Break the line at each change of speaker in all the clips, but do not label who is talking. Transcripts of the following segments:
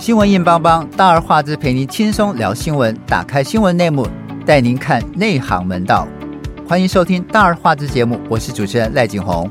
新聞硬邦邦，大而化之，陪您輕鬆聊新聞。打開新聞內幕，帶您看內行門道。歡迎收聽大而化之節目，我是主持人賴景紅。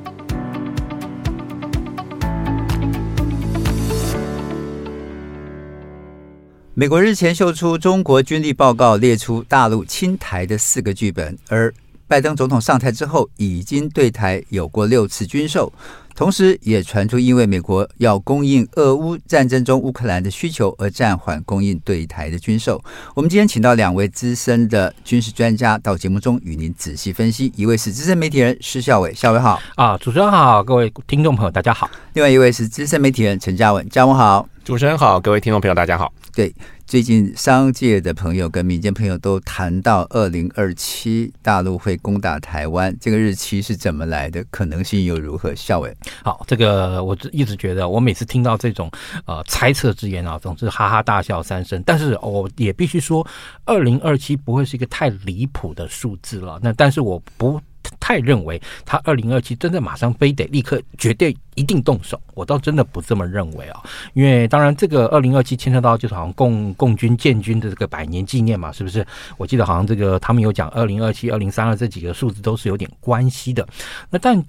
美國日前秀出中國軍力報告，列出大陸侵台的四個劇本。而拜登總統上台之後，已經對台有過六次軍售。同時，也傳出因為美國要供應俄烏戰爭中烏克蘭的需求，而暫緩供應對台的軍售。我們今天請到兩位資深的軍事專家到節目中與您仔細分析。一位是資深媒體人施孝偉，孝偉好
啊！主持人好，各位聽眾朋友大家好。另外一位是
資深媒體人陳嘉文，嘉文好！主持人好，各位聽眾朋友大家好。對。最近商界的朋友跟民間朋友都談到二零二七大陸會攻打台灣，這個日期是怎麼來的？可能性又如何效？夏偉，
好，這個我一直覺得，我每次聽到這種呃猜測之言啊，總是哈哈大笑三聲。但是我、哦、也必須說，二零二七不會是一個太離譜的數字了。那但是我不。太認為他二零二七真的馬上非得立刻絕對一定動手，我倒真的不這麼認為啊，因為當然這個二零二七牽扯到就是好像共共軍建軍的這個百年紀念嘛，是不是？我記得好像這個他們有講二零二七、二零三二這幾個數字都是有點關係的，那但。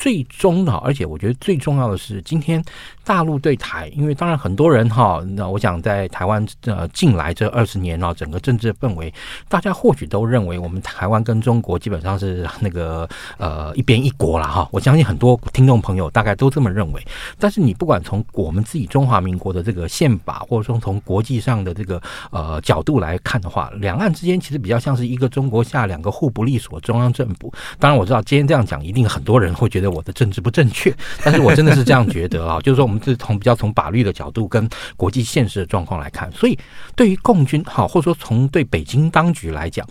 最終的，而且我覺得最重要的是，今天大陸對台，因為當然很多人哈，那我想在台灣呃，近來這二十年呢，整個政治氛圍，大家或許都認為我們台灣跟中國基本上是那個呃一邊一國了哈。我相信很多聽眾朋友大概都這麼認為。但是你不管從我們自己中華民國的這個憲法，或者說從國際上的這個呃角度來看的話，兩岸之間其實比較像是一個中國下兩個互不隸屬中央政府。當然我知道今天這樣講，一定很多人會覺得。我的政治不正確，但是我真的是這樣覺得啊， 就是說我們是從比較從法律的角度跟國際現實的狀況來看，所以對於共軍好，或者說從對北京當局來講，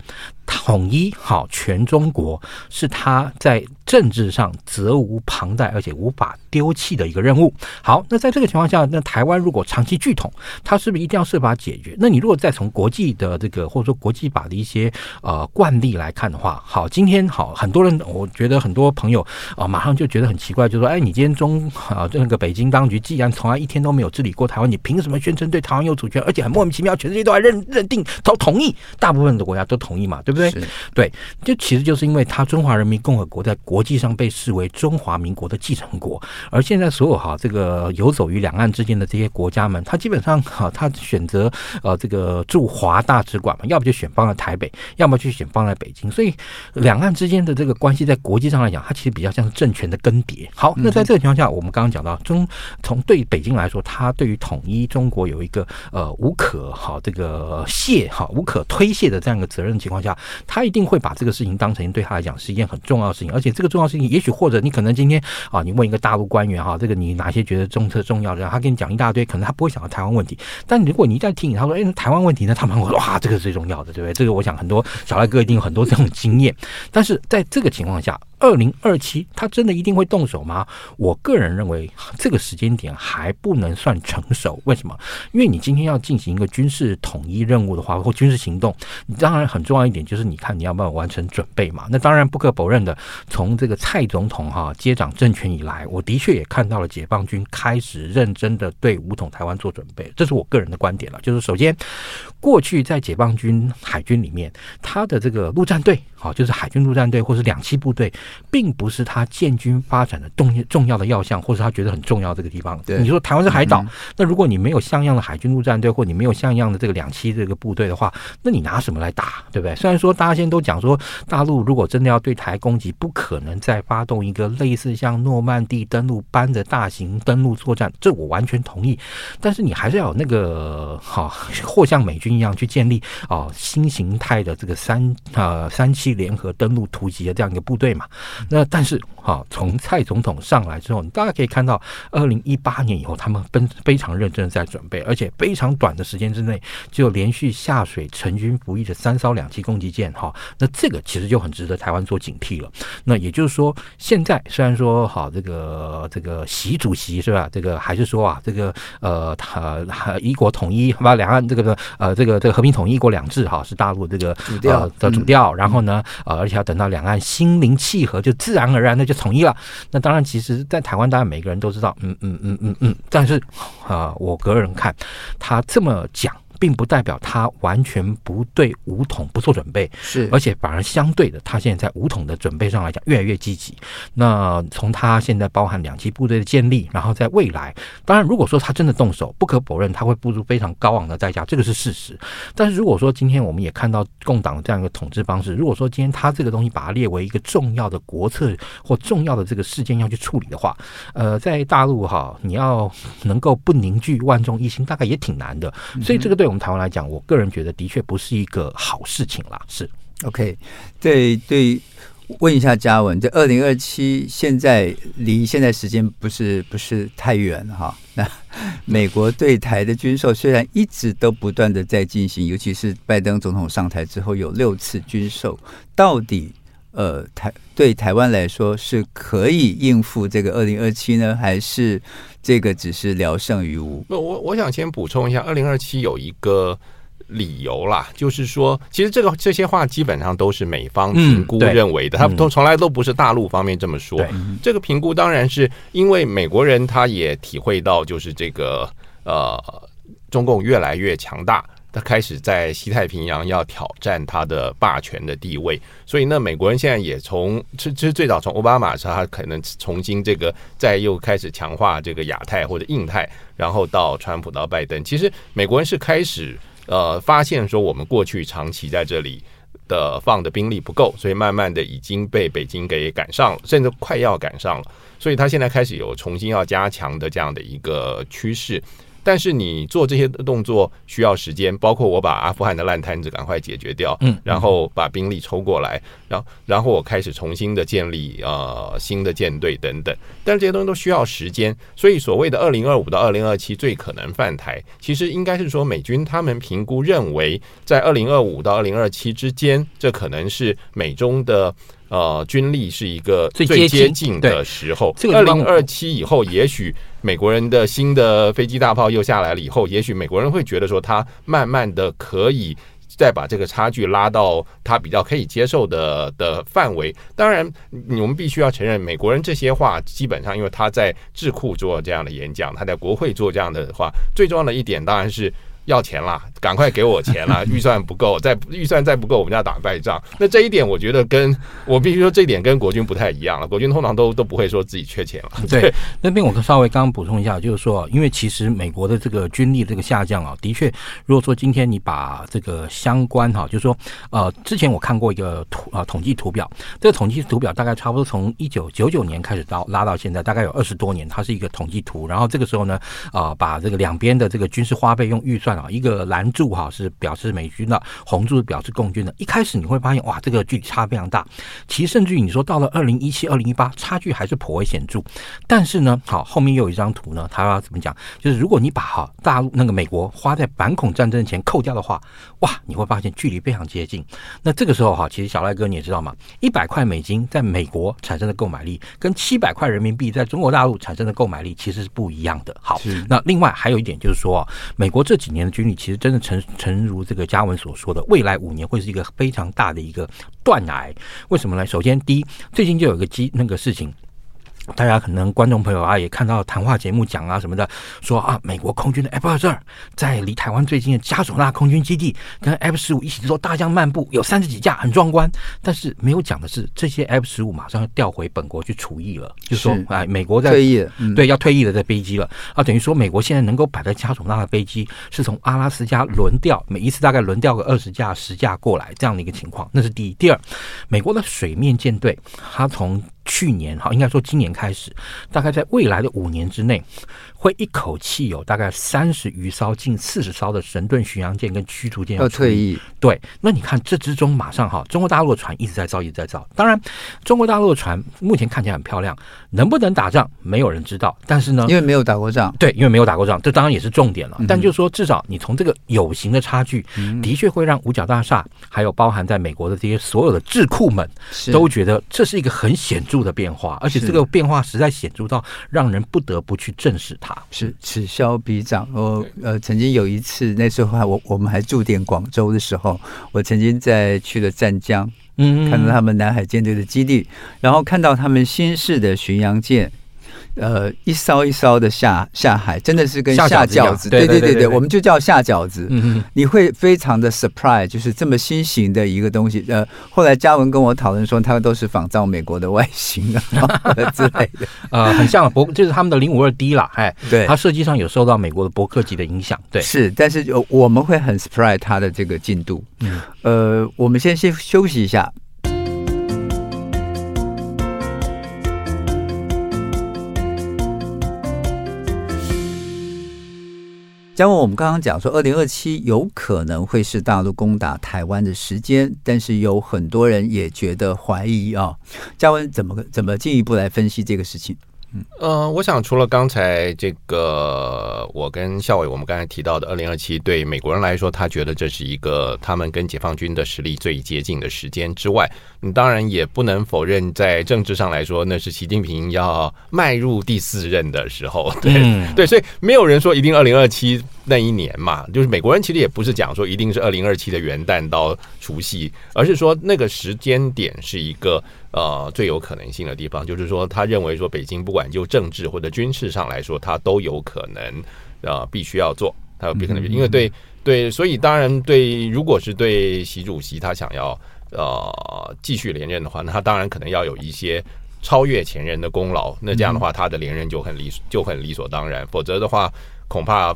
統一好全中國是他在，政治上責無旁貸而且無法丟棄的一個任務。好，那在這個情況下，那台灣如果長期拒統，它是不是一定要設法解決？那你如果再從國際的這個或者說國際法的一些呃慣例來看的話，好，今天好，很多人我覺得很多朋友啊、呃，馬上就覺得很奇怪，就說：“哎，你今天中啊，那、呃這個北京當局既然從來一天都沒有治理過台灣，你憑什麼宣稱對台灣有主權？而且很莫名其妙，全世界都還認認定都同意，大部分的國家都同意嘛，對不對？是對，就其實就是因為他中華人民共和國在國。國際上被視為中華民國的繼承國，而現在所有哈這個游走於兩岸之間的這些國家們，他基本上哈他選擇呃這個駐華大使館嘛，要不就選放在台北，要麼就選放在北京。所以兩岸之間的這個關係，在國際上來講，它其實比較像是政權的更迭。好，那在這個情況下，我們剛剛講到中從對北京來說，他對於統一中國有一個呃無可哈這個謝哈無可推卸的這樣一個責任的情況下，他一定會把這個事情當成對他來講是一件很重要的事情，而且這個。重要事情，也許或者你可能今天啊，你問一個大陸官員哈、啊，這個你哪些覺得政策重要的，他跟你講一大堆，可能他不會想到台灣問題。但如果你一旦提醒他說，哎、欸，台灣問題呢？那他們會說，哇，這個是最重要的，對不對？這個我想很多小賴哥一定有很多這種經驗。但是在這個情況下。二零二七，他真的一定會動手嗎？我個人認為這個時間點還不能算成熟。為什麼？因為你今天要進行一個軍事統一任務的話，或軍事行動，你當然很重要一點就是，你看你要不要完成準備嘛？那當然不可否認的，從這個蔡總統哈、啊、接掌政權以來，我的確也看到了解放軍開始認真的對武統台灣做準備。這是我個人的觀點了。就是首先，過去在解放軍海軍裡面，他的這個陸戰隊，啊，就是海軍陸戰隊或是兩棲部隊。並不是他建軍發展的重重要的要項，或是他覺得很重要的這個地方。對，你說台灣是海島，嗯嗯，那如果你沒有像樣的海軍陸戰隊，或你沒有像樣的這個兩棲這個部隊的話，那你拿什麼來打，對不對？雖然說大家現在都講說，大陸如果真的要對台攻擊，不可能再發動一個類似像諾曼底登陸般的大型登陸作戰，這我完全同意。但是你還是要有那個哈、哦，或像美軍一樣去建立啊、哦、新型態的這個三啊、呃、三棲聯合登陸突擊的這樣一個部隊嘛。那但是哈，從蔡總統上來之後，你大家可以看到，二零一八年以後，他們分非常認真的在準備，而且非常短的時間之內，就連續下水成軍服役的三艘兩棲攻擊艦哈。那這個其實就很值得台灣做警惕了。那也就是說，現在雖然說哈，這個這個習主席是吧？這個還是說啊，這個呃，一國統一把兩岸這個呃這個這個和平統一、一國兩制哈，是大陸這個呃的主調。然後呢，呃，而且要等到兩岸心靈契合。就自然而然的就統一了。那當然，其實，在台灣，當然每個人都知道，嗯嗯嗯嗯嗯。但是，啊、呃，我個人看他這麼講。並不代表他完全不對武統不做準備，是，而且反而相對的，他現在在武統的準備上來講越來越積極。那從他現在包含兩棲部隊的建立，然後在未來，當然如果說他真的動手，不可否認他會付出非常高昂的代價，這個是事實。但是如果說今天我們也看到共黨這樣一個統治方式，如果說今天他這個東西把它列為一個重要的國策或重要的這個事件要去處理的話，呃，在大陸哈，你要能夠不凝聚萬眾一心，大概也挺難的。嗯哼。所以這個對。從台灣來講，我個人覺得的確不是一個好事情啦。是 OK，對對，問一下嘉
文，這二零二七，現在離現在時間不是不是太遠哈。那美國對台的軍售雖然一直都不斷的在進行，尤其是拜登總統上台之後有六次軍售，到底？呃，台對台灣來說是可以應付這個二零二七呢，還是這個只是聊勝於
無？那我我想先補充一下，二零二七有一個理由啦，就是說，其實這個這些話基本上都是美方評估認為的，嗯、他們都從來都不是大陸方面這麼說。嗯、這個評估當然是因為美國人他也體會到，就是這個呃，中共越來越強大。他開始在西太平洋要挑戰他的霸權的地位，所以那美國人現在也從其實最早從奧巴馬他可能重新這個再又開始強化這個亞太或者印太，然後到川普到拜登，其實美國人是開始呃發現說我們過去長期在這裡的放的兵力不夠，所以慢慢的已經被北京給趕上了，甚至快要趕上了，所以他現在開始有重新要加強的這樣的一個趨勢。但是你做這些動作需要時間，包括我把阿富汗的爛攤子趕快解決掉，嗯，然後把兵力抽過來，然後然後我開始重新的建立呃新的艦隊等等，但是這些東西都需要時間，所以所謂的二零二五到二零二七最可能犯台，其實應該是說美軍他們評估認為在二零二五到二零二七之間，這可能是美中的。呃，軍力是一個最接近的時候。二零二七以後，也許美國人的新的飛機大炮又下來了以後，也許美國人會覺得說，他慢慢的可以再把這個差距拉到他比較可以接受的的範圍。當然，我們必須要承認，美國人這些話，基本上因為他在智庫做這樣的演講，他在國會做這樣的的話，最重要的一點當然是。要錢啦，趕快給我錢啦！預算不夠，再預算再不夠，我們就要打敗仗。那這一點，我覺得跟我必須說，這一點跟國軍不太一樣了。國軍通常都都不會說自己缺錢了、嗯。對，
那邊我稍微剛剛補充一下，就是說，因為其實美國的這個軍力這個下降啊，的確，如果說今天你把這個相關哈、啊，就是說，呃，之前我看過一個圖啊，統計圖表，這個統計圖表大概差不多從一九九九年開始到拉到現在，大概有二十多年，它是一個統計圖。然後這個時候呢，啊、呃，把這個兩邊的這個軍事花費用預算。啊，一個藍柱哈是表示美軍的，紅柱是表示共軍的。一開始你會發現哇，這個距離差非常大。其實甚至於你說到了二零一七、二零一八，差距還是頗為顯著。但是呢，好，後面又有一張圖呢，他要怎麼講？就是如果你把哈大陸那個美國花在反恐戰爭的錢扣掉的話，哇，你會發現距離非常接近。那這個時候哈，其實小賴哥你也知道嘛，一百塊美金在美國產生的購買力，跟七百塊人民幣在中國大陸產生的購買力其實是不一樣的。好，是那另外還有一點就是說，美國這幾年。軍力其實真的誠誠如這個嘉文所說的，未來五年會是一個非常大的一個斷崖。為什麼呢？首先，第一，最近就有一個機那個事情。大家可能觀眾朋友啊，也看到談話節目講啊什麼的，說啊，美國空軍的 F 二十二，在離台灣最近的嘉手納空軍基地，跟 F 十五一起做大象漫步，有三十幾架，很壯觀。但是沒有講的是，這些 F 十五馬上要調回本國去退役了，就是說，哎，美國在退役，對，要退役了，在飛機了啊，等於說，美國現在能夠擺在嘉手納的飛機，是從阿拉斯加輪調，每一次大概輪調個二十架、十架過來這樣的一個情況。那是第一，第二，美國的水面艦隊，它從，去年好，應該說今年開始，大概在未來的五年之內，會一口氣有大概三十餘艘，近四十艘的神盾巡洋艦跟驅逐艦要，要退役。對，那你看這之中，馬上哈，中國大陸的船一直在造，一直在造。當然，中國大陸的船目前看起來很漂亮，能不能打仗，沒有人知道。但是呢，因為沒有打過仗，對，因為沒有打過仗，這當然也是重點了。嗯、但就是說，至少你從這個有形的差距，嗯、的確會讓五角大廈還有包含在美國的這些所有的智庫們，是都覺得這是一個很顯著的變化，而且這個變化實在顯著到讓人不得不去正視它。是
此消彼長。我、哦、呃曾經有一次，那時候還我我們還駐點廣州的時候，我曾經在去了湛江，
嗯，看到他
們南海艦隊的基地，然後看到他們新式的巡洋艦。呃，一艘一艘的下下海，真的是跟下餃子，對，對對對對，我們就叫下餃子。嗯、哼你會非常的 surprise，就是這麼新型的一個東西。呃，後來嘉文跟我討論說，他們都是仿造美國的
外形的之類的 呃，很像博，就是他們的零五二 D 啦。哎，對，它設計上有受到美國的伯克級的影響，對。是，但是就我們會很 surprise 它的這個進
度。呃，我們先先休息一下。嘉文，我們剛剛講說，二零二七有可能會是大陸攻打台灣的時間，但是有很多人也覺得懷疑啊。嘉文，怎麼怎麼進一步來分析這個事情？
呃，我想除了剛才這個，我跟校偉我們剛才提到的，二零二七對美國人來說，他覺得這是一個他們跟解放軍的實力最接近的時間之外，你當然也不能否認，在政治上來說，那是習近平要邁入第四任的時候，對對，所以沒有人說一定二零二七。那一年嘛，就是美國人其實也不是講說一定是二零二七的元旦到除夕，而是說那個時間點是一個呃最有可能性的地方。就是說，他認為說北京不管就政治或者軍事上來說，他都有可能呃必須要做，他有必須要做因為對對，所以當然對，如果是對習主席他想要呃繼續連任的話，那他當然可能要有一些超越前任的功勞。那這樣的話，他的連任就很理就很理所當然，否則的話恐怕，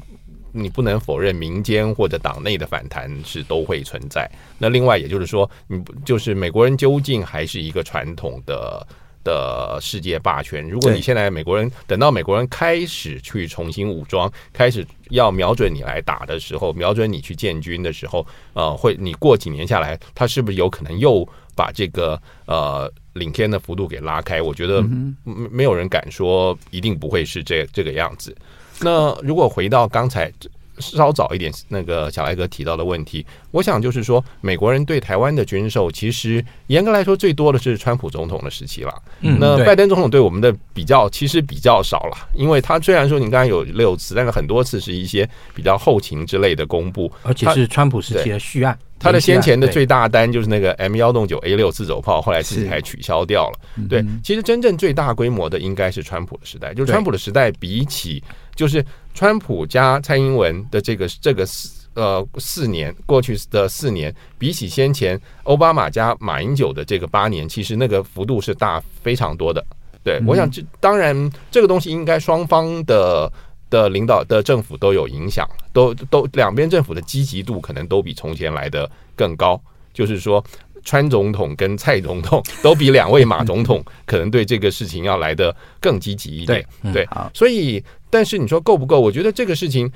你不能否認民間或者黨內的反彈是都會存在。那另外，也就是說，你就是美國人究竟還是一個傳統的的世界霸權。如果你現在美國人等到美國人開始去重新武裝，開始要瞄準你來打的時候，瞄準你去建軍的時候，呃，會你過幾年下來，他是不是有可能又把這個呃領先的幅度給拉開？我覺得沒有人敢說一定不會是這這個樣子。 那如果回到剛才。稍早一點，那個小賴哥提到的問題，我想就是說，美國人對台灣的軍售，其實嚴格來說，最多的是川普總統的時期
了。那
拜登總統對我們的比較，其實比較少了，因為他雖然說你剛才有六次，但是很多次是一些比較後勤之類的公布，而且是川普時期的續案。他的先前的最大單就是那個 M 幺洞九 A 六自走炮，後來自己還取消掉了。對，其實真正最大規模的應該是川普的時代，就是川普的時代比起就是。川普加蔡英文的這個這個四呃四年過去的四年，比起先前奧巴馬加馬英九的這個八年，其實那個幅度是大非常多的。對，我想這當然這個東西應該雙方的的領導的政府都有影響，都都兩邊政府的積極度可能都比從前來的更高。就是說，川總統跟蔡總統都比兩位馬總統可能對這個事情要來的更積極一點。對，所以。但是你說夠不夠？我覺得這個事情，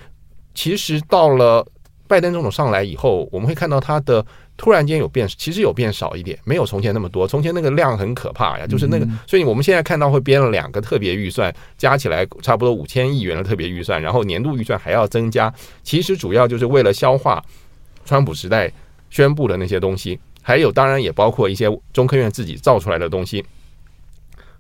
其實到了拜登總統上來以後，我們會看到他的突然間有變，其實有變少一點，沒有從前那麼多。從前那個量很可怕呀，就是那個。所以我們現在看到會編了兩個特別預算，加起來差不多五千億元的特別預算，然後年度預算還要增加。其實主要就是為了消化川普時代宣布的那些東西，還有當然也包括一些中科院自己造出來的東西。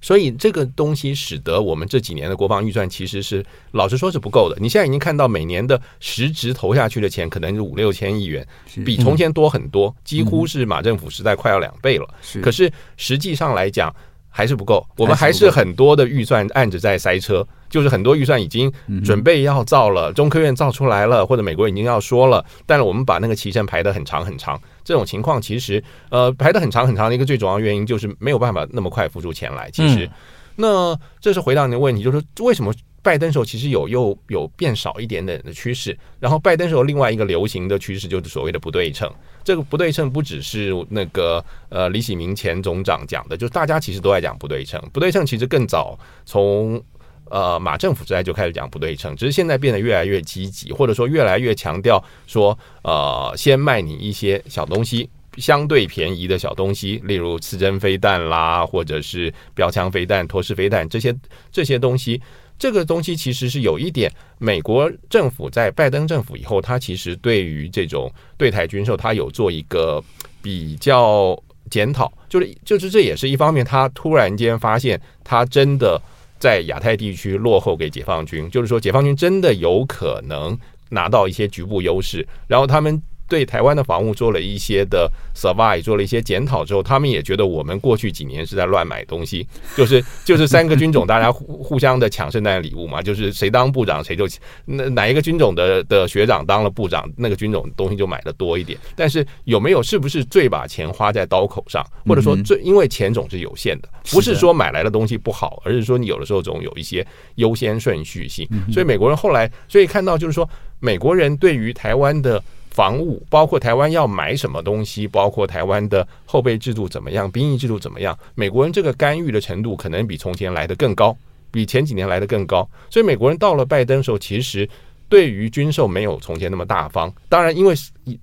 所以這個東西使得我們這幾年的國防預算其實是老實說是不夠的。你現在已經看到每年的實質投下去的錢可能是五六千億元，比從前多很多，幾乎是馬政府時代快要兩倍了。可是實際上來講還是不夠，我們還是很多的預算案子在塞車。就是很多預算已經準備要造了，中科院造出來了，或者美國已經要說了，但是我們把那個期程排的很長很長。這種情況其實，呃，排的很長很長的一個最主要原因就是沒有辦法那麼快付出錢來。其實，那這是回答你的問題，就是為什麼拜登時候其實有又有變少一點點的趨勢，然後拜登時候另外一個流行的趨勢就是所謂的不對稱。這個不對稱不只是那個呃李喜明前總長講的，就是大家其實都在講不對稱。不對稱其實更早從呃，馬政府時代就開始講不對稱，只是現在變得越來越積極，或者說越來越強調說，呃，先賣你一些小東西，相對便宜的小東西，例如刺針飛彈啦，或者是標槍飛彈、拖式飛彈這些這些東西。這個東西其實是有一點，美國政府在拜登政府以後，他其實對於這種對台軍售，他有做一個比較檢討，就是就是這也是一方面，他突然間發現他真的。在亞太地區落後給解放軍，就是說，解放軍真的有可能拿到一些局部優勢，然後他們。對台灣的防務做了一些的 survive，做了一些檢討之後，他們也覺得我們過去幾年是在亂買東西，就是就是三個軍種大家互互相的搶聖誕禮物嘛，就是誰當部長誰就哪一個軍種的的學長當了部長，那個軍種東西就買的多一點。但是有沒有是不是最把錢花在刀口上，或者說最因為錢總是有限的，不是說買來的東西不好，而是說你有的時候總有一些優先順序性。所以美國人後來所以看到就是說美國人對於台灣的。防務包括台灣要買什麼東西，包括台灣的後備制度怎麼樣，兵役制度怎麼樣？美國人這個干預的程度可能比從前來的更高，比前幾年來的更高。所以美國人到了拜登時候，其實對於軍售沒有從前那麼大方。當然，因為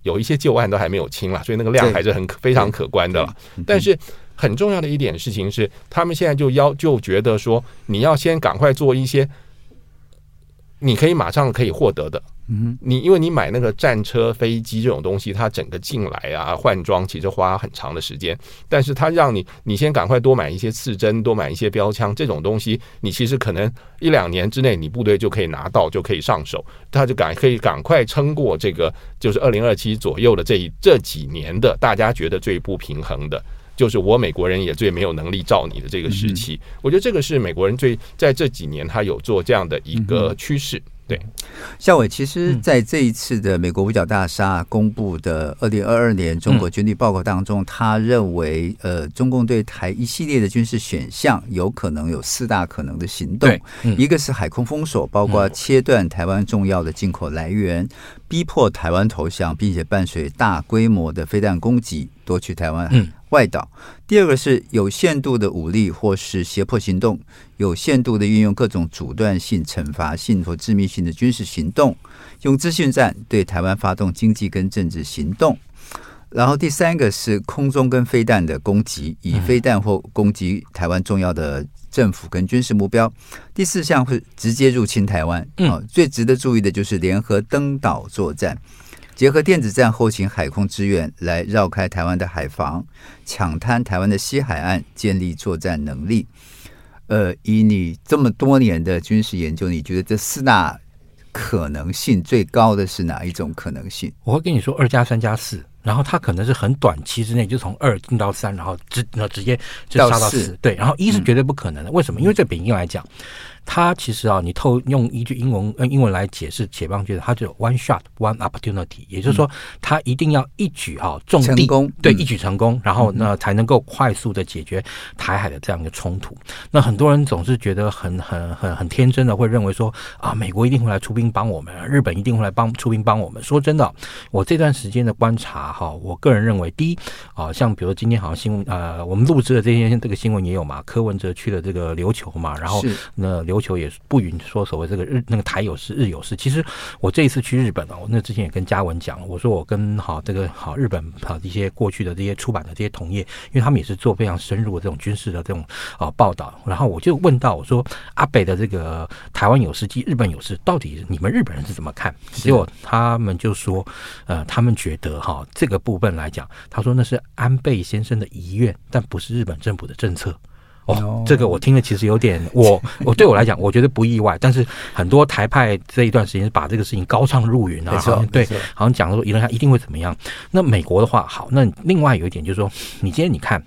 有一些舊案都還沒有清了，所以那個量還是很非常可觀的了。對對但是很重要的一點事情是，他們現在就要就覺得說，你要先趕快做一些，你可以馬上可以獲得的。嗯，你因為你買那個戰車、飛機這種東西，它整個進來啊，換裝其實花很長的時間。但是它讓你，你先趕快多買一些刺針，多買一些標槍這種東西，你其實可能一兩年之內，你部隊就可以拿到，就可以上手。他就趕可以趕快撐過這個，就是二零二七左右的這一這幾年的，大家覺得最不平衡的，就是我美國人也最沒有能力照你的這個時期。我覺得這個是美國人最在這幾年他有做這樣的一個趨勢。對，
夏偉，其實在這一次的美國五角大廈公布的二零二二年中國軍力報告當中，他、嗯、認為，呃，中共對台一系列的軍事選項有可能有四大可能的行動，對嗯、一個是海空封鎖，包括切斷台灣重要的進口來源，嗯、逼迫台灣投降，並且伴隨大規模的飛彈攻擊，奪取台灣。嗯外島。第二個是有限度的武力或是脅迫行動，有限度的運用各種阻斷性、懲罰性和致命性的軍事行動，用資訊戰對台灣發動經濟跟政治行動。然後第三個是空中跟飛彈的攻擊，以飛彈或攻擊台灣重要的政府跟軍事目標。第四項是直接入侵台灣。哦，最值得注意的就是聯合登島作戰。結合電子戰、後勤、海空支援來繞開台灣的海防，搶灘台灣的西海岸，建立作戰能力。呃，以你這麼多年的軍事研究，你覺得這四大可能性最高的是哪一種可能性？
我會跟你說，二加三加四，四，然後它可能是很短期之內就從二進到三，然後直然後直接就殺到四。對，然後一是絕對不可能的，嗯，為什麼？因為從比例來講。嗯他其實啊，你透用一句英文英文來解釋解放軍，他就有 one shot one opportunity，也就是說，他一定要一舉啊，重地攻，對，一舉成功，嗯、然後那才能夠快速的解決台海的這樣一個衝突。嗯、那很多人總是覺得很很很很天真的，會認為說啊，美國一定會來出兵幫我們，日本一定會來幫出兵幫我們。說真的，我這段時間的觀察哈、啊，我個人認為，第一啊，像比如說今天好像新聞呃，我們錄制的這些這個新聞也有嘛，柯文哲去了這個琉球嘛，然後那琉。要求也不允說所謂這個日那個台有事日有事，其實我這一次去日本哦，我那之前也跟嘉文講我說我跟好這個好日本好一些過去的這些出版的這些同業，因為他們也是做非常深入的這種軍事的這種呃啊報道，然後我就問到我說阿北的這個台灣有事即日本有事，到底你們日本人是怎麼看？結果他們就說呃，他們覺得哈這個部分來講，他說那是安倍先生的遺願，但不是日本政府的政策。哦，oh, no, 這個我聽了其實有點我 我對我來講我覺得不意外，但是很多台派這一段時間把這個事情高唱入雲了，啊沒錯，對，沒錯好像講說輿論他一定會怎麼樣。那美國的話，好，那另外有一點就是說，你今天你看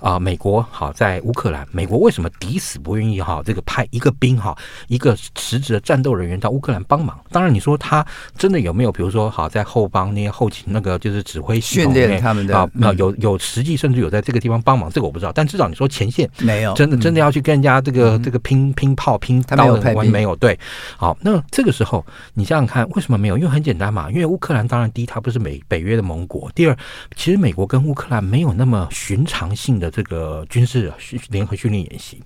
啊，呃，美國好在烏克蘭，美國為什麼抵死不願意哈這個派一個兵哈一個實質的戰鬥人員到烏克蘭幫忙？當然你說他真的有沒有，比如說好在後方那些後勤那個就是指揮系統訓練他們的，欸、啊，有有實際甚至有在這個地方幫忙，這個我不知道，但至少你說前線沒有。真的真的要去跟人家這個、嗯、這個拼拼炮拼刀的完全沒有，沒有對，好，那這個時候你想想看，為什麼沒有？因為很簡單嘛，因為烏克蘭當然第一，它不是美北約的盟國；第二，其實美國跟烏克蘭沒有那麼尋常性的這個軍事聯合訓練演習。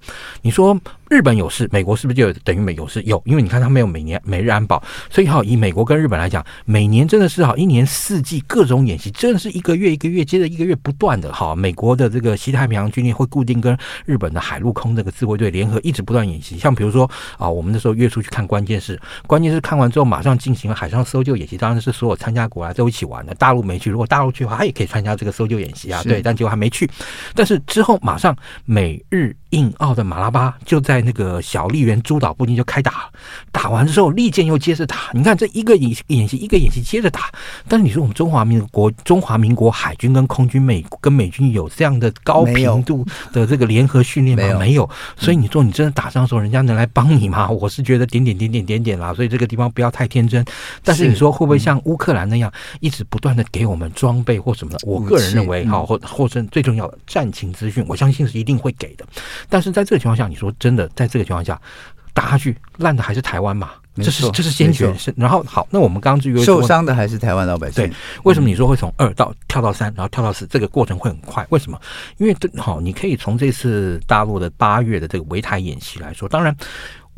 你說。日本有事，美國是不是就有等於美有事？有，因為你看他沒有每年美日安保，所以哈，以美國跟日本來講，每年真的是哈一年四季各種演習，真的是一個月一個月接着一個月不斷的哈。美國的這個西太平洋軍力會固定跟日本的海陸空這個自衛隊聯合一直不斷演習。像比如說啊、哦，我們那時候月初去看關，關鍵是關鍵是看完之後馬上進行了海上搜救演習。當然是所有參加國啊都一起玩的，大陸沒去，如果大陸去的話，他也可以參加這個搜救演習啊。是對，但結果還沒去。但是之後馬上美日。印澳的馬拉巴就在那個小笠原諸島附近就開打了，打完之後，利劍又接着打。你看，這一個演演習，一個演習接着打。但是你說我們中華民國、中華民國海軍跟空軍美跟美軍有這樣的高頻度的這個聯合訓練嗎？沒有。沒有嗯、所以你說你真的打仗的時候，人家能來幫你嗎？我是覺得點點點點點點啦。所以這個地方不要太天真。但是你說會不會像烏克蘭那樣，一直不斷的給我們裝備或什麼的？嗯、我個人認為，好或或者最重要的戰情資訊，我相信是一定會給的。但是在這個情況下，你說真的，在這個情況下打下去，爛的還是台灣嘛？這是這是先決。是然後好，那我們剛剛只有受傷的還是台灣老百姓？對，為什麼你說會從二到跳到三，然後跳到四？這個過程會很快，為什麼？因為這好，你可以從這次大陸的八月的這個圍台演習來說，當然。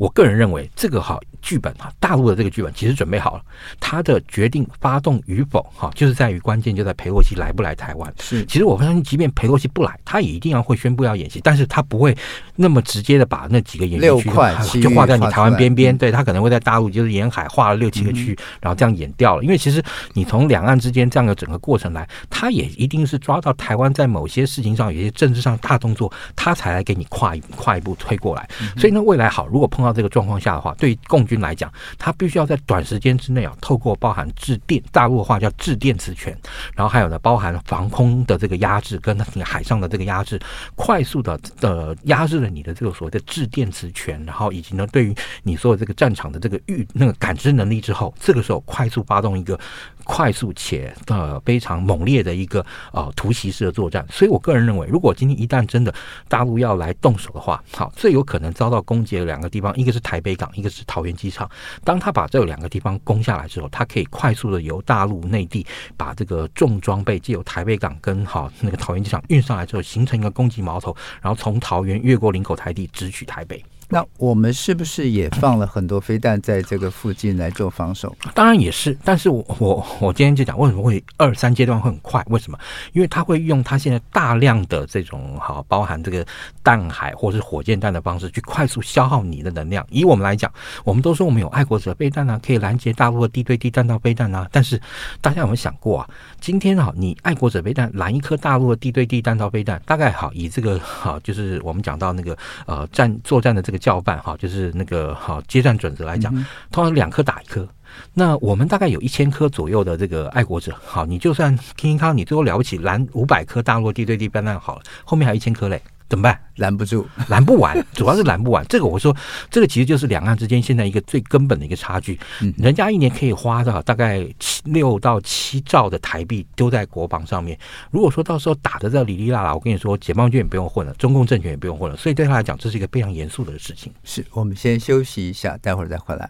我個人認為這個好劇本哈、啊，大陸的這個劇本其實準備好了，他的決定發動與否哈、啊，就是在於關鍵就在裴洛西來不來台灣。是，其實我相信，即便裴洛西不來，他也一定要會宣布要演習，但是他不會那麼直接的把那幾個演習區就劃在你台灣邊邊。對，他可能會在大陸就是沿海劃了六七個區，然後這樣演掉了。因為其實你從兩岸之間這樣的整個過程來，他也一定是抓到台灣在某些事情上、有些政治上大動作，他才來給你跨一跨一步推過來。所以呢，未來好，如果碰到。這個狀況下的話，對於共軍來講，他必須要在短時間之內啊，透過包含制電，大陸的話叫制電磁權，然後還有呢，包含防空的這個壓制跟海上的這個壓制，快速的的、呃、壓制了你的這個所謂的制電磁權，然後以及呢，對於你所有這個戰場的這個預那個感知能力之後，這個時候快速發動一個。快速且呃非常猛烈的一個呃突襲式的作戰，所以我個人認為，如果今天一旦真的大陸要來動手的話，好，最有可能遭到攻擊的兩個地方，一個是台北港，一個是桃園機場。當他把這兩個地方攻下來之後，他可以快速的由大陸內地把這個重裝備借由台北港跟好那個桃園機場運上來之後，形成一個攻擊矛頭，然後從桃園越過林口台地直取台北。
那我們是不是也放了很多飛彈在這個附近來做
防守？當然也是，但是我我我今天就講為什麼會二三階段會很快？為什麼？因為他會用他現在大量的這種好，包含這個彈海或是火箭彈的方式，去快速消耗你的能量。以我們來講，我們都說我們有愛國者飛彈啊，可以攔截大陸的地對地彈道飛彈啊。但是大家有沒有想過啊？今天啊，你愛國者飛彈攔一顆大陸的地對地彈道飛彈，大概好，以這個好，啊，就是我們講到那個呃戰作戰的這個。教範哈，就是那個好，接戰準則來講，通常兩顆打一顆，那我們大概有一千顆左右的這個愛國者，好，你就算聽聽看你最多了不起攔五百顆大陸地對地標那好了，後面還有一千顆嘞。怎麼辦？攔不住，攔不完，主要是攔不完。 是 這個我說，這個其實就是兩岸之間現在一個最根本的一個差距。嗯，人家一年可以花到大概七六到七兆的台幣丟在國防上面。如果說到時候打得到哩哩啦啦，我跟你說，解放軍也不用混了，中共政權也不用混了。所以對他來講，這是一個非常嚴肅的事情。是，我們先休息一下，待會兒再回來。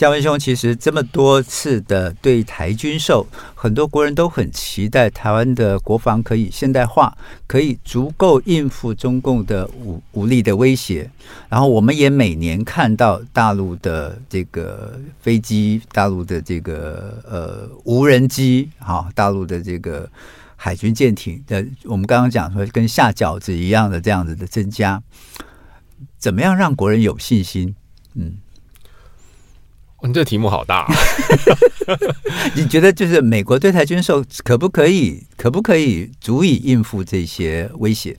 嘉文兄，其實這麼多次的對台軍售，很多國人都很期待台灣的國防可以現代化，可以足夠應付中共的武武力的威脅。然後，我們也每年看到大陸的這個飛機、大陸的這個呃無人機、哈、哦，大陸的這個海軍艦艇的，我們剛剛講說跟下餃子一樣的這樣子的增加，怎麼樣讓國人有信心？嗯。
哦、你這題目好大、
哦， 你覺得就是美國對台軍售可不可以？可不可以足以應付這些威脅？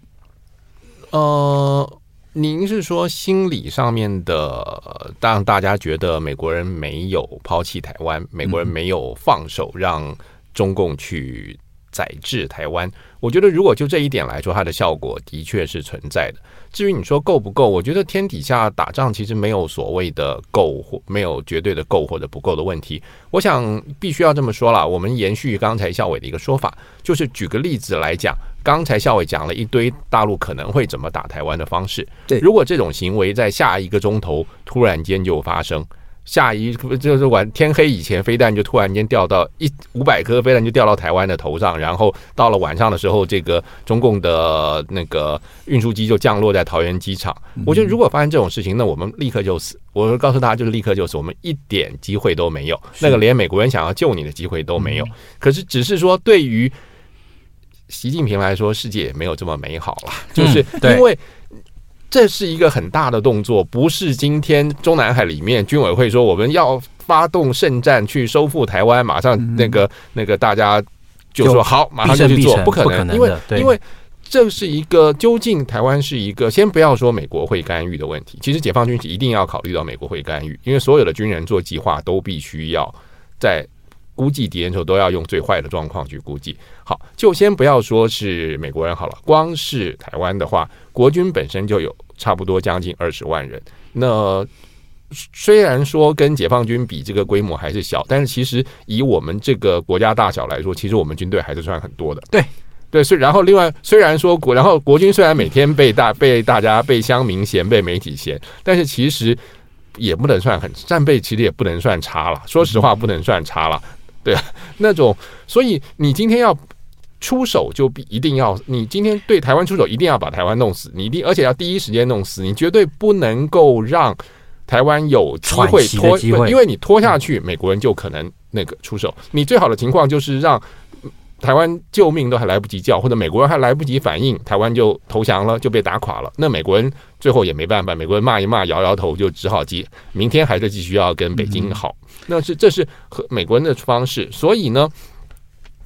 呃，您是說心理上面的，讓大家覺得美國人沒有拋棄台灣，美國人沒有放手讓中共去宰制台灣。嗯嗯我覺得，如果就這一點來說，它的效果的確是存在的。至於你說夠不夠，我覺得天底下打仗其實沒有所謂的夠或沒有絕對的夠或者不夠的問題。我想必須要這麼說了，我們延續剛才校委的一個說法，就是舉個例子來講，剛才校委講了一堆大陸可能會怎麼打台灣的方式。對，如果這種行為在下一個鐘頭突然間就發生。下一就是晚，天黑以前，飛彈就突然間掉到一五百顆飛彈就掉到台灣的頭上，然後到了晚上的時候，這個中共的那個運輸機就降落在桃園機場。我覺得如果發生這種事情，那我們立刻就死。我告訴大家，就是立刻就死，我們一點機會都沒有，那個連美國人想要救你的機會都沒有。可是只是說，對於習近平來說，世界也沒有這麼美好了，就是因為。這是一個很大的動作，不是今天中南海裡面軍委會說我們要發動聖戰去收復台灣，馬上那個、嗯、那個大家就說好，必成必成馬上就去做，不可能，可能因為對因為這是一個究竟台灣是一個，先不要說美國會干預的問題，其實解放軍一定要考慮到美國會干預，因為所有的軍人做計劃都必須要在。估計敵人的時候都要用最壞的狀況去估計。好，就先不要說是美國人好了，光是台灣的話，國軍本身就有差不多將近二十萬人。那雖然說跟解放軍比，這個規模還是小，但是其實以我們這個國家大小來說，其實我們軍隊還是算很多的。對對，雖然後另外雖然說國，然後國軍雖然每天被大被大家被鄉民嫌，被媒體嫌，但是其實也不能算很戰備，其實也不能算差了。說實話，不能算差了。對，啊，那種，所以你今天要出手就必，就一定要你今天對台灣出手，一定要把台灣弄死，你一定而且要第一時間弄死，你絕對不能夠讓台灣有機會拖機會，因為你拖下去，美國人就可能那個出手。你最好的情況就是讓。台灣救命都還來不及叫，或者美國人還來不及反應，台灣就投降了，就被打垮了。那美國人最後也沒辦法，美國人罵一罵，搖搖頭，就只好接。明天還是繼續要跟北京好。那是這是和美國人的方式，所以呢，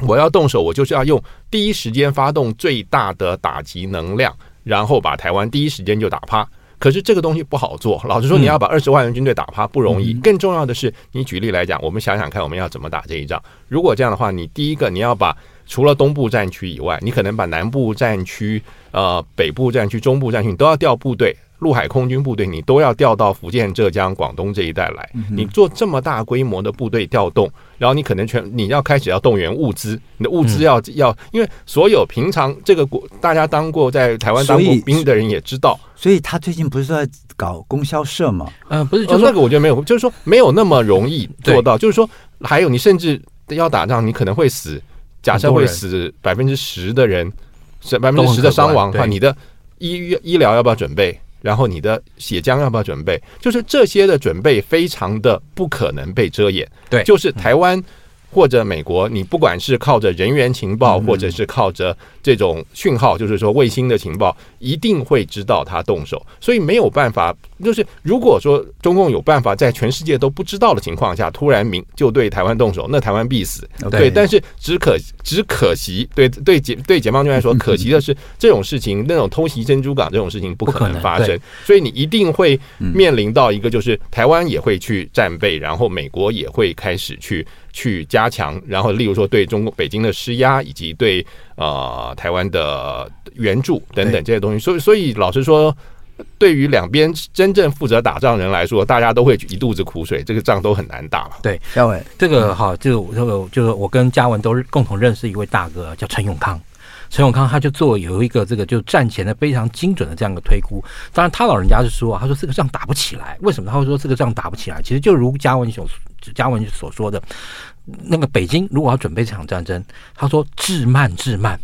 我要動手，我就是要用第一時間發動最大的打擊能量，然後把台灣第一時間就打趴。可是這個東西不好做，老實說，你要把二十萬人軍隊打趴不容易。嗯，更重要的是，你舉例來講，我們想想看，我們要怎麼打這一仗？如果這樣的話，你第一個你要把除了東部戰區以外，你可能把南部戰區、呃北部戰區、中部戰區你都要調部隊。陸海空軍部隊，你都要調到福建、浙江、廣東這一帶來。嗯、哼你做這麼大規模的部隊調動，然後你可能全你要開始要動員物資，你的物資要要，嗯、因為所有平常這個國大家當過在台灣當過兵的人也知道所，所以他最近不是在搞供銷社嗎？嗯、呃，不是，就說、呃、那個我覺得沒有，就是說沒有那麼容易做到。對就是說，還有你甚至要打仗，你可能會死，假設會死百分之十的人，是百分之十的傷亡的話，你的醫醫療要不要準備？然後你的血漿要不要準備？就是這些的準備非常的不可能被遮掩。對，就是台灣或者美國，你不管是靠着人員情報，或者是靠着這種訊號，就是說衛星的情報，一定會知道他動手，所以沒有辦法。就是如果說中共有辦法在全世界都不知道的情況下突然明就對台灣動手，那台灣必死。對，但是只可只可惜，對對解對解放軍來說，可惜的是這種事情那種偷襲珍珠港這種事情不可能發生，所以你一定會面臨到一個就是台灣也會去戰備，然後美國也會開始去去加強，然後例如說對中國北京的施壓，以及對呃台灣的援助等等這些東西。所以所以老實說。對於兩邊真正負責打仗人來說，大家都會一肚子苦水，這個仗都很難打了。
對嘉文，
這個哈，就這個
就是我跟嘉文都是共同認識一位大哥叫陳永康，陳永康他就做有一個這個就戰前的非常精準的這樣一個推估，當然他老人家就說啊，他說這個仗打不起來，為什麼？他會說這個仗打不起來，其實就如嘉文所嘉文所說的，那個北京如果要準備這場戰爭，他說至慢至慢，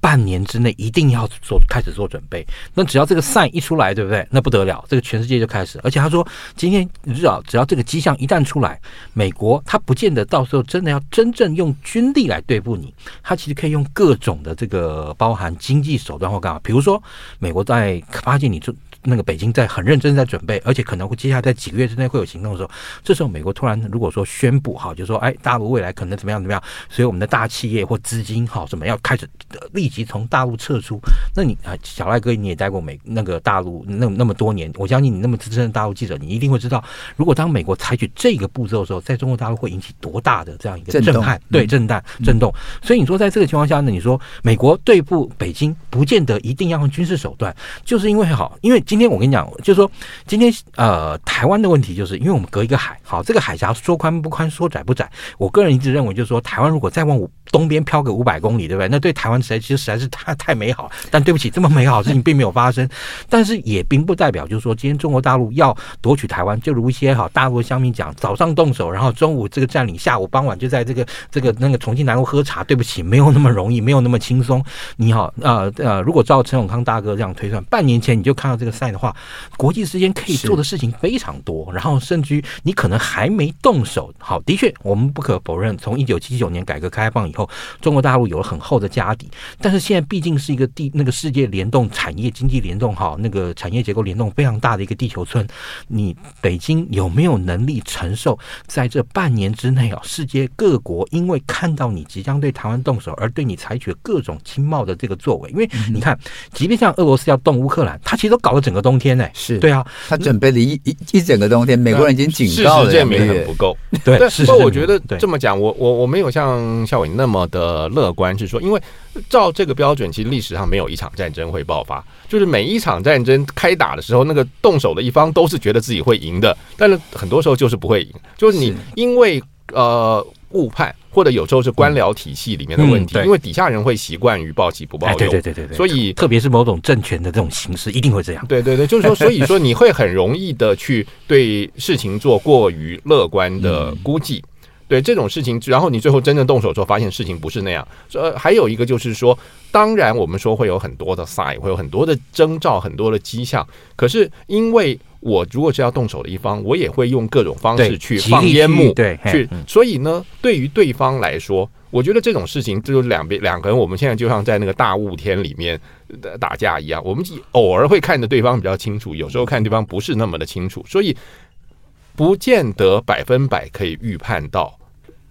半年之內一定要做開始做準備，那只要這個賽一出來，對不對？那不得了，這個全世界就開始。而且他說，今天你知道，只要這個跡象一旦出來，美國他不見得到時候真的要真正用軍力來對付你，他其實可以用各種的這個包含經濟手段或幹嘛，比如說美國在發現你這那個北京在很認真在準備，而且可能會接下來在幾個月之內會有行動的時候，這時候美國突然如果說宣布，好，就說哎，大陸未來可能怎麼樣怎麼樣，所以我們的大企業或資金，好，怎麼樣開始立即從大陸撤出。那你啊，小賴哥，你也待過美那個大陸那那麼多年，我相信你那麼資深的大陸記者，你一定會知道，如果當美國採取這個步驟的時候，在中國大陸會引起多大的這樣一個震撼，對，震盪、震動。所以你說在這個情況下呢，你說美國對付北京不見得一定要用軍事手段，就是因為好，因為今今天我跟你講，就是說，今天呃，台灣的問題就是，因為我們隔一個海，好，這個海峽說寬不寬，說窄不窄。我個人一直認為，就是說，台灣如果再往東邊漂個五百公里，對不對？那對台灣實在其實實在是太太美好。但對不起，這麼美好的事情並沒有發生。但是也並不代表，就是說，今天中國大陸要奪取台灣，就如一些好大陸的鄉民講，早上動手，然後中午這個佔領，下午傍晚就在這個這個那個重慶南路喝茶。對不起，沒有那麼容易，沒有那麼輕鬆。你好，呃呃，如果照陳永康大哥這樣推算，半年前你就看到這個。在的話，國際之間可以做的事情非常多，是然後甚至於你可能還沒動手。好，的確，我們不可否認，從一九七九年改革開放以後，中國大陸有了很厚的家底，但是現在畢竟是一個地那個世界聯動、產業經濟聯動、哈那個產業結構聯動非常大的一個地球村。你北京有沒有能力承受，在這半年之內啊、哦，世界各國因為看到你即將對台灣動手，而對你採取各種經貿的這個作為？因為你看，嗯、即便像俄羅斯要動烏克蘭，他其實都搞了。整個冬天呢、欸？是對啊，他準備了一一一整個冬天。美國人已經警告了、嗯，事實證明不
夠。對，但是，是但我覺得這麼講，我我我沒有像校偉那麼的樂觀，是說，因為照這個標準，其實歷史上沒有一場戰爭會爆發。就是每一場戰爭開打的時候，那個動手的一方都是覺得自己會贏的，但是很多時候就是不會贏。就是你因為是呃。誤判，或者有時候是官僚體系裡面的問題，嗯嗯、因為底下人會習慣於報喜不報憂、哎，對對對對對，所以特別是某種政權的這種形式，一定會這樣，對對對，就是說，所以說你會很容易的去對事情做過於樂觀的估計。嗯嗯對這種事情，然後你最後真正動手之後，發現事情不是那樣。呃，還有一個就是說，當然我們說會有很多的 sign，會有很多的徵兆、很多的跡象。可是因為我如果是要動手的一方，我也會用各種方式去放煙幕，對，嗯、去。所以呢，對於對方來說，我覺得這種事情就是兩邊兩個人，我們現在就像在那個大霧天裡面打架一樣。我們偶爾會看着對方比較清楚，有時候看對方不是那麼的清楚，所以。不見得百分百可以預判到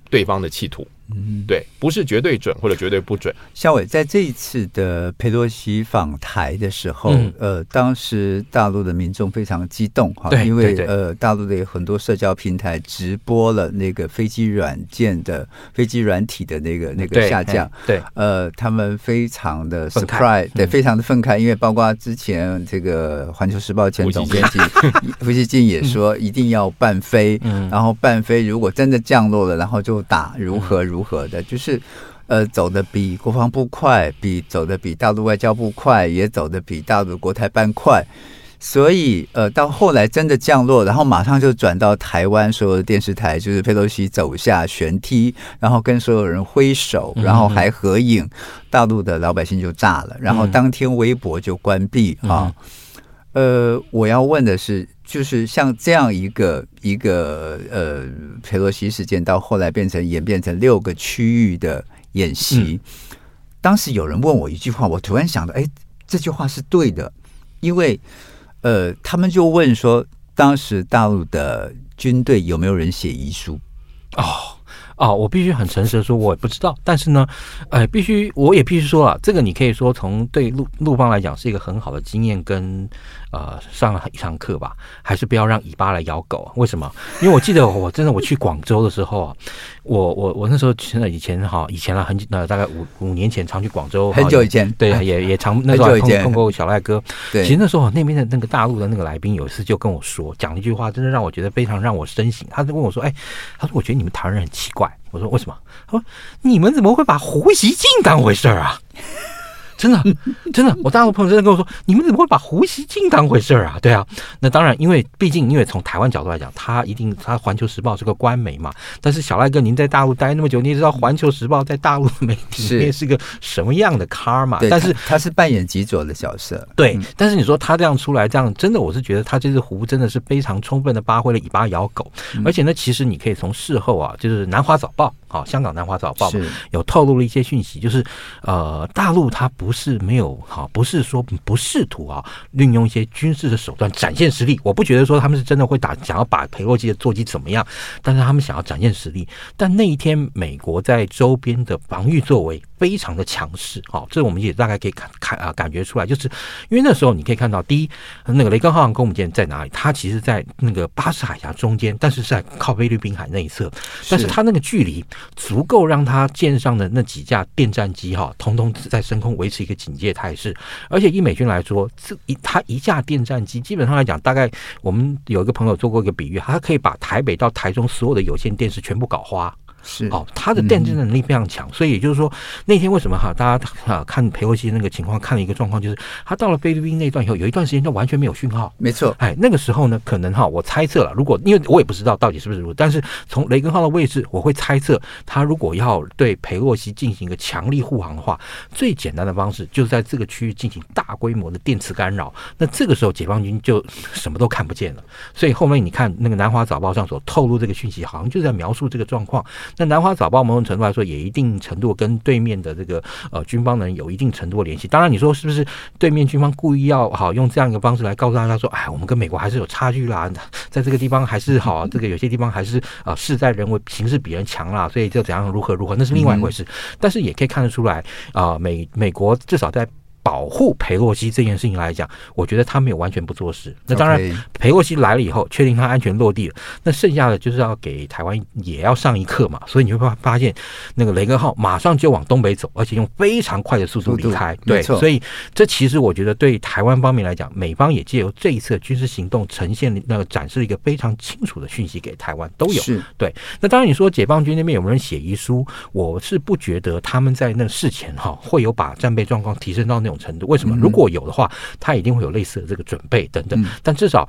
對方的企圖。嗯，對，不是絕對準或者絕對不準。肖偉在這一次的佩洛西
訪台的時候，呃，當時大陸的民眾非常激動哈，因為呃，大陸的很多社交平台直播了那個飛機軟件的飛機軟體的那個那個下降，對，呃，他們非常的 surprise，對，非常的憤慨，因為包括之前這個《環球時報》前總編輯胡錫進也說一定要半飛，然後半飛如果真的降落了，然後就打如何如。如何的，就是，呃，走得比國防部快，比走得比大陸外交部快，也走得比大陸的國台辦快，所以呃，到後來真的降落，然後馬上就轉到台灣所有的電視台，就是佩洛西走下舷梯，然後跟所有人揮手，然後還合影，大陸的老百姓就炸了，然後當天微博就關閉啊。哦嗯哼嗯呃，我要問的是，就是像這樣一個一個呃，佩洛西事件到後來變成演變成六個區域的演習，嗯、當時有人問我一句話，我突然想到，哎，這句話是對的，因為呃，他們就問說，當時
大陸的軍隊有沒有人寫遺書？哦，哦，我必須很誠實的說，我也不知道，但是呢，呃，必須我也必須說啊，這個你可以說從對陸陸方來講是一個很好的經驗跟。呃，上了一堂課吧，還是不要讓尾巴來咬狗？為什麼？因為我記得我真的我去廣州的時候啊， 我我我那時候真的以前哈，以前啊，很久，呃，大概五五年前常去廣州，很久以前，對，也也常那時候碰過小賴哥。對，其實那時候那邊的那個大陸的那個來賓有一次就跟我說講了對一句話，真的讓我覺得非常讓我深省。他就問我說：“哎、欸，他說我覺得你們台灣人很奇怪。”我說：“為什麼？”他說：“你們怎麼會把胡錫進當回事兒啊？” 真的，真的，我大陸朋友真的跟我說：“你們怎麼會把胡錫進當回事兒啊？”對啊，那當然，因為畢竟，因為從台灣角度來講，他一定，他《環球時報》是個官媒嘛。但是，小賴哥，您在大陸待那麼久，你也知道，《環球時報》在大陸媒體裡面是個什麼樣的咖嘛？對，但是
他是扮演記
者的角色，對。嗯、但是你說他這樣出來，這樣真的，我是覺得他這只胡真的是非常充分的發揮了“尾巴咬狗”嗯。而且呢，其實你可以從事後啊，就是《南華早報》啊，《香港南華早報嘛》是有透露了一些訊息，就是呃，大陸他不。不是沒有哈、哦，不是說不試圖啊、哦，運用一些軍事的手段展現實力。我不覺得說他們是真的會打，想要把裴洛西的座機怎麼樣，但是他們想要展現實力。但那一天，美國在周邊的防禦作為非常的強勢哦，這我們也大概可以感看啊感覺出來，就是因為那時候你可以看到，第一，那個雷根號航空母艦在哪裡？它，其實，在那個巴士海峽中間，但是在靠菲律賓海那一側。是但是它那個距離足夠讓它艦上的那幾架電戰機哈、哦，統統在升空維持。是一個警戒態勢，而且以美軍來說，這一，他一架電戰機基本上來講，大概我們有一個朋友做過一個比喻，他可以把台北到台中所有的有線電視全部搞花。是哦，它的電磁能力非常強，嗯、所以也就是說，那天為什麼哈，大家啊看佩洛西那個情況，看了一個狀況，就是他到了菲律賓那段以後，有一段時間他完全沒有訊號。沒錯，哎，那個時候呢，可能哈，我猜測了，如果因為我也不知道到底是不是，但是從雷根號的位置，我會猜測，他如果要對佩洛西進行一個強力護航的話，最簡單的方式就是在這個區域進行大規模的電磁干擾，那這個時候解放軍就什麼都看不見了。所以後面你看那個南華早報上所透露這個訊息，好像就是在描述這個狀況。那《南華早報》某種程度來說，也一定程度跟對面的這個呃軍方的人有一定程度的聯繫。當然，你說是不是對面軍方故意要好用這樣一個方式來告訴大家說，哎，我們跟美國還是有差距啦，在這個地方還是好，這個有些地方還是啊，呃，事在人為，形勢比人強啦。所以就怎樣如何如何，那是另外一回事。嗯，但是也可以看得出來啊，呃，美美國至少在，保護裴洛西這件事情來講，我覺得他沒有完全不做事。那當然，裴洛西來了以後，確定他安全落地了，那剩下的就是要給台灣也要上一課嘛。所以你會發發現，那個“雷根號”馬上就往東北走，而且用非常快的速度離開。對，對對所以這其實我覺得對台灣方面來講，美方也借由這一次的軍事行動呈現那個展示了一個非常清楚的訊息給台灣，都有。是對。那當然，你說解放軍那邊有沒有人寫遺書？我是不覺得他們在那個事前哈會有把戰備狀況提升到那種。程度。為什麼？如果有的話，他一定會有類似的這個準備等等，但至少，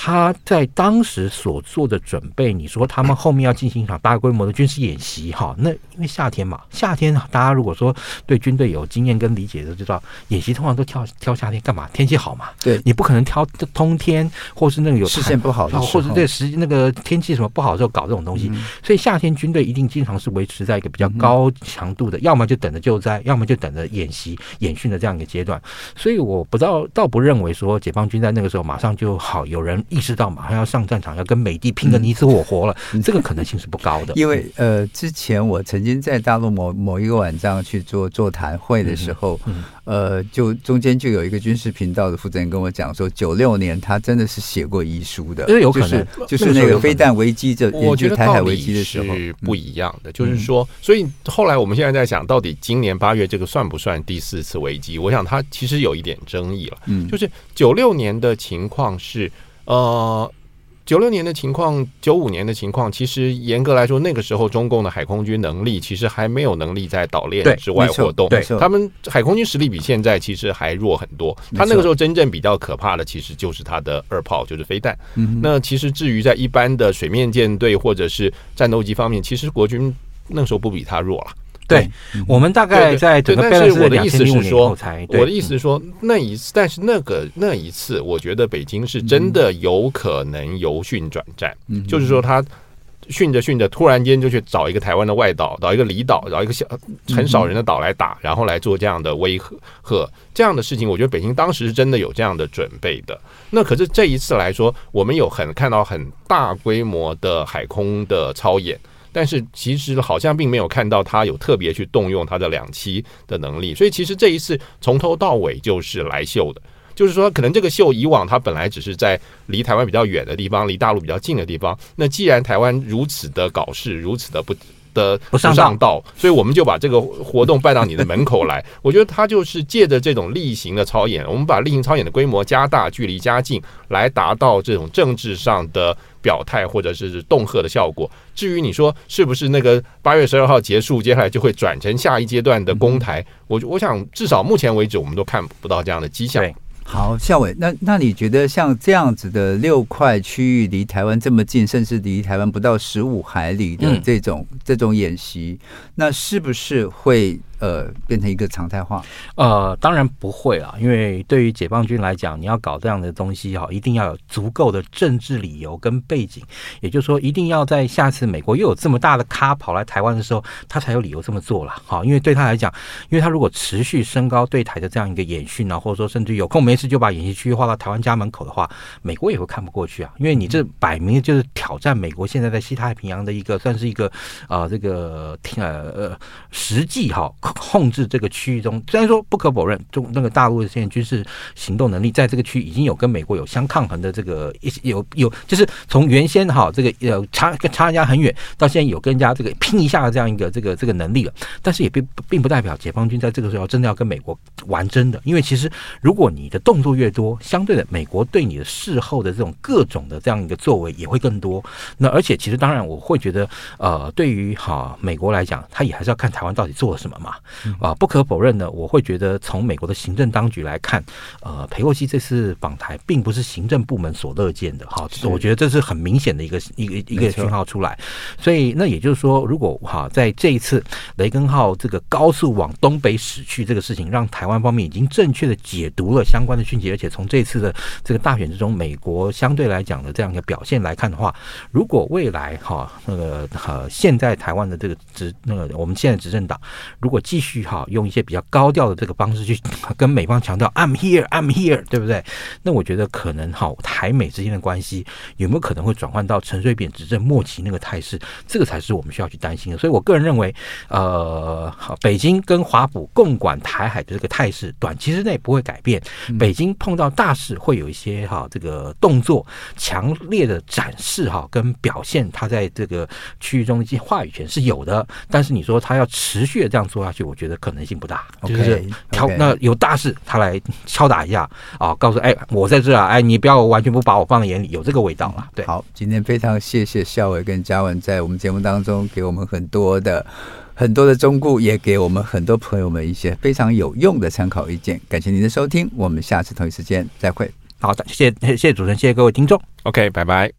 他在當時所做的準備，你說他們後面要進行一場大規模的軍事演習，哈， 那因為夏天嘛，夏天、啊、大家如果說對軍隊有經驗跟理解的，就知道演習通常都挑挑夏天幹嘛？天氣好嘛？對，你不可能挑冬天，或是那個有視線不好的時候，時的時候或者是對時那個天氣什麼不好的時候搞這種東西。嗯、所以夏天軍隊一定經常是維持在一個比較高強度的，嗯、要麼就等着救災，要麼就等着演習、演訓的這樣一個階段。所以我不知道，倒不認為說解放軍在那個時候馬上就好有人。意識到馬上要上戰場，要跟美帝拼個你死我活了，嗯、這個可能性是不高的。因為呃，之前我曾
經在大陸某某一個晚上去做座談會的時候，嗯嗯、呃，就中間就有一個軍事頻道的負責人跟我講說，九六年他真的是寫過遺書的，因為有可能、就是、就是那個飛彈危機，就我覺得台海危機的時候是不一樣的，嗯、就是
說，所以後來我們現在在想，到底今年八月這個算不算第四次危機？我想他其實有一點爭議了，嗯，就是九六年的情況是。呃，九六年的情況，九五年的情況，其實嚴格來說，那個時候中共的海空軍能力其實還沒有能力在島鏈之外活動。對，他們海空軍實力比現在其實還弱很多。他那個時候真正比較可怕的，其實就是他的二炮，就是飛彈。嗯。那其實至於在一般的水面艦隊或者是戰鬥機方面，其實國軍那時候不比他弱了。
對，對我們大概在整個，但是我的意思是說，對我的意思
是說，那一次，但是那個那一次，我覺得北京是真的有可能由訓轉戰，嗯，就是說他訓着訓着，突然間就去找一個台灣的外島，找一個離島，找一個小很少人的島來打，然後來做這樣的威嚇。這樣的事情。我覺得北京當時是真的有這樣的準備的。那可是這一次來說，我們有很看到很大規模的海空的操演。但是其實好像並沒有看到他有特別去動用他的兩棲的能力，所以其實這一次從頭到尾就是來秀的，就是說可能這個秀以往他本來只是在離台灣比較遠的地方，離大陸比較近的地方。那既然台灣如此的搞事，如此的不得不上道，所以我們就把這個活動辦到你的門口來。我覺得他就是借着這種例行的操演，我們把例行操演的規模加大，距離加近，來達到這種政治上的。表態或者是恫嚇的效果。至於你說是不是那個八月十二號結束，接下來就會轉成下一階段的攻臺？我我想至少目前為止，我們都看不到這樣的跡象。嗯、
好，校偉，那那你覺得像這樣子的六塊區域離台灣這麼近，甚至離台灣不到十五海里的這種、嗯、這種演習，
那是不是會？呃，變成一個常態化？呃，當然不會啦、啊，因為對於解放軍來講，你要搞這樣的東西哈，一定要有足夠的政治理由跟背景，也就是說，一定要在下次美國又有這麼大的咖跑來台灣的時候，他才有理由這麼做了哈。因為對他來講，因為他如果持續升高對台的這樣一個演訓啊，或者說甚至有空沒事就把演習區劃到台灣家門口的話，美國也會看不過去啊，因為你這擺明就是挑戰美國現在在西太平洋的一個、嗯、算是一個呃，這個呃呃實際哈。控制這個區域中，雖然說不可否認，中那個大陸的現在軍事行動能力，在這個區已經有跟美國有相抗衡的這個，有有就是從原先哈這個呃差跟差人家很遠，到現在有跟人家這個拼一下的這樣一個這個這個能力了。但是也並並不代表解放軍在這個時候真的要跟美國玩真的，因為其實如果你的動作越多，相對的美國對你的事後的這種各種的這樣一個作為也會更多。那而且其實當然我會覺得，呃，對於哈、啊、美國來講，他也還是要看台灣到底做了什麼嘛。嗯、啊，不可否認的，我會覺得從美國的行政當局來看，呃，裴洛西這次訪台並不是行政部門所樂見的，哈，是我覺得這是很明顯的一個一個錯一個訊號出來。所以，那也就是說，如果哈在這一次雷根號這個高速往東北駛去這個事情，讓台灣方面已經正確的解讀了相關的訊息，而且從這次的這個大選之中，美國相對來講的這樣一個表現來看的話，如果未來哈那個呃現在台灣的這個執那個我們現在執政黨如果。繼續哈用一些比較高調的這個方式去跟美方強調 I'm here, I'm here，對不對？那我覺得可能哈台美之間的關係有沒有可能會轉換到陳水扁執政末期那個態勢，這個才是我們需要去擔心的。所以我個人認為，呃，好，北京跟華府共管台海的這個態勢，短期之內不會改變。北京碰到大事會有一些哈這個動作，強烈的展示哈跟表現它在這個區域中的一些話語權是有的。但是你說它要持續的這樣做下去。就我覺得可能性不大，okay, 就是挑 okay, 那有大事他來敲打一下啊、哦，告訴哎我在這啊，哎你不要完全不把我放在眼裡，有這個味道了。對，好，
今天非常謝謝肖偉跟嘉文在我們節目當中給我們很多的很多的忠告，也給我們很多朋友們一些非常有用的參考意見。感謝您的收聽，我們下次同一時間再
會。好的，謝謝謝謝主持人，謝謝各位聽眾。OK，拜拜。